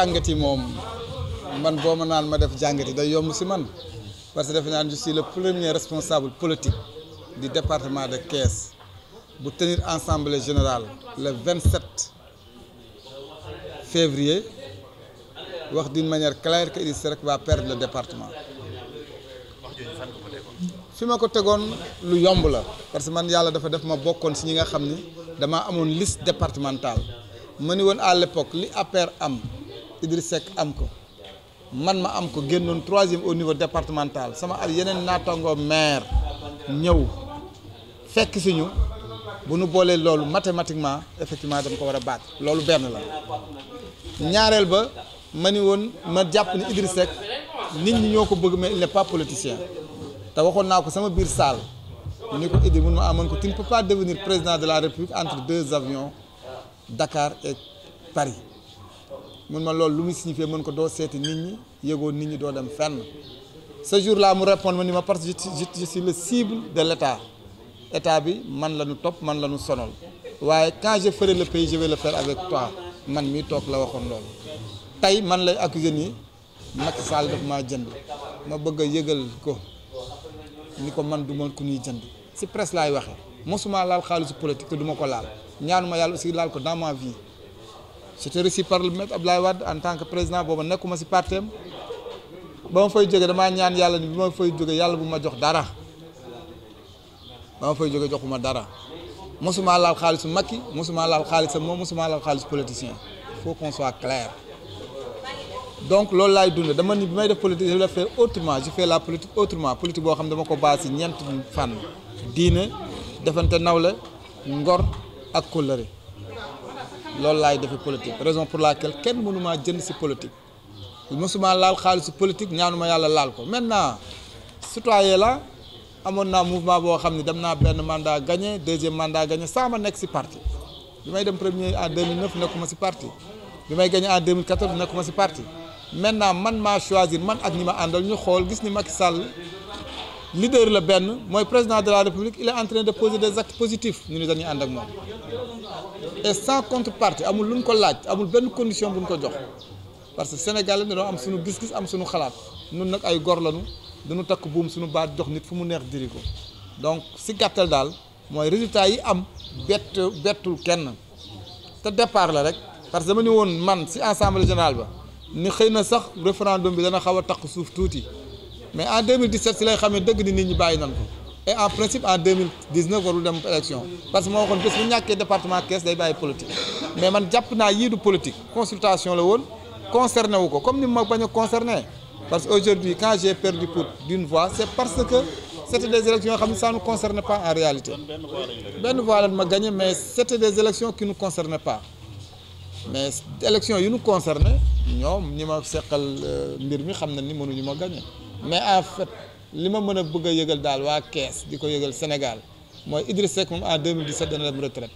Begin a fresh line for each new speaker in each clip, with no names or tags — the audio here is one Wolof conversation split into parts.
jàngati moom man boo ma naan ma def jàngati day yomb si man parce que dafa naan je suis le premier responsable politique du département de Thiès bu tenir assemblée générale le 27 février wax d'une manière claire que Idrissa Seck va perdre département fi ma ko tegoon lu yomb la parce que man yàlla dafa def ma bokkoon si ñi nga xam ni dama amoon list départementale ma ni woon à l'époque li APR am Idriss am ko man ma am ko génnoon troisième au niveau départemental sama ay yeneen naataangoo maire ñëw fekk si ñu bu nu boolee loolu mathématiquement effectivement dama ko war a baax loolu benn la ñaareel ba ma ni woon ma jàpp ni Idriss Seck nit ñi ñoo ko bëgg mais il n'est pas politicien te waxoon naa ko sama biir saal ni ko Idriss mun ma amoon ko tu ne peux pas devenir président de la République entre deux avions Dakar et Paris mun ma loolu lu mu signifié mën ko doo seeti nit ñi yëgoo nit ñi doo dem fenn ce jour là mu répondre ma ni ma parce que je suis cible de l' état état bi man la ñu topp man la ñu sonal waaye quand je ferai le pays je vais le faire avec toi man mii toog la waxoon loolu tey man lay accuser ni Macky Sall daf maa jënd ma bëgg a yëgal ko ni ko man du ma ku ñuy jënd si presse laay waxee mosuma laal xaalisu politique te duma ko laal ñaanuma yàlla aussi laal ko dans ma j'étais reçu par le maître Abdoulaye Wade en tant que président booba nekkuma si partem ba ma fay jóge damaa ñaan yàlla ni bi ma fay jóge yàlla bu ma jox dara ba ma fay jóge joxuma dara mosuma laal xaalisu Macky mosuma laal xaalisam moom mosuma laal xaalis politicien foo faut qu'on donc loolu laay dund dama ni bi may def politique je le fais autrement je fais la politique autrement politique boo xam dama ko base si ñeent fànn diine defante nawle ngor ak kóllëre loolu laay defee politique raison pour laquelle kenn mënumaa jënd si politique mësuma laal xaalisu politique ñaanuma yàlla laal ko maintenant citoyen la amoon naa mouvement boo xam ne dem naa benn mandat gagné deuxième mandat gagné saa ma nekk si parti bi may dem premier en 2009 nekkuma si parti bi may gagné en 2014 nekkuma si parti maintenant man maa choisir man ak ñi ma àndal ñu xool gis ni Macky Sall leader la benn mooy président de la république il est en train de poser des actes ñu ni dañuy ànd ak moom et sans contrepartie amul lu ñu ko laaj amul benn condition bu ñu ko jox parce que Sénégal dañoo am suñu gis-gis am suñu xalaat nun nag ay gor lañu dañu takk buum suñu baat jox nit fu mu neex diri ko donc si gàttal daal mooy résultat yi am bett bettul kenn te départ la rek parce que dama ne woon man si assemblée générale ba ni xëy na sax référendum bi dana xaw a takk suuf tuuti mais en 2017 si lay xamee dëgg ni nit ñi bàyyi nan ko et en principe en 2019 warul dem élection parce que moo waxoon bés bu ñàkkee département Thiès day bàyyi politique mais man jàpp naa yii du politique consultation la woon concerné wu ko comme ni ma bañ a concerné parce que aujourd'hui quand j'ai perdu pour d'une voix c'est parce que c'était des élections yoo xam ne ça ne nous concerne pas en réalité benn voix lan ma gagné mais mais élections yu ñu concerné ñoom ñi ma seqal euh, mbir mi xam na ni mënuñu ma gagné mais en fait li ma mën a bëgg a yëgal daal waa kees di ko yëgal Sénégal mooy Idriss Seck moom en 2017 dana dem retraite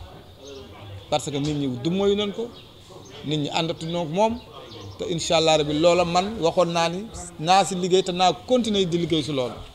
parce que nit ñi du moyu nañ ko nit ñi àndatu noonu moom te incha allah rabi loola man waxoon naa ni naa si liggéey te naa continuer di liggéey si loolu.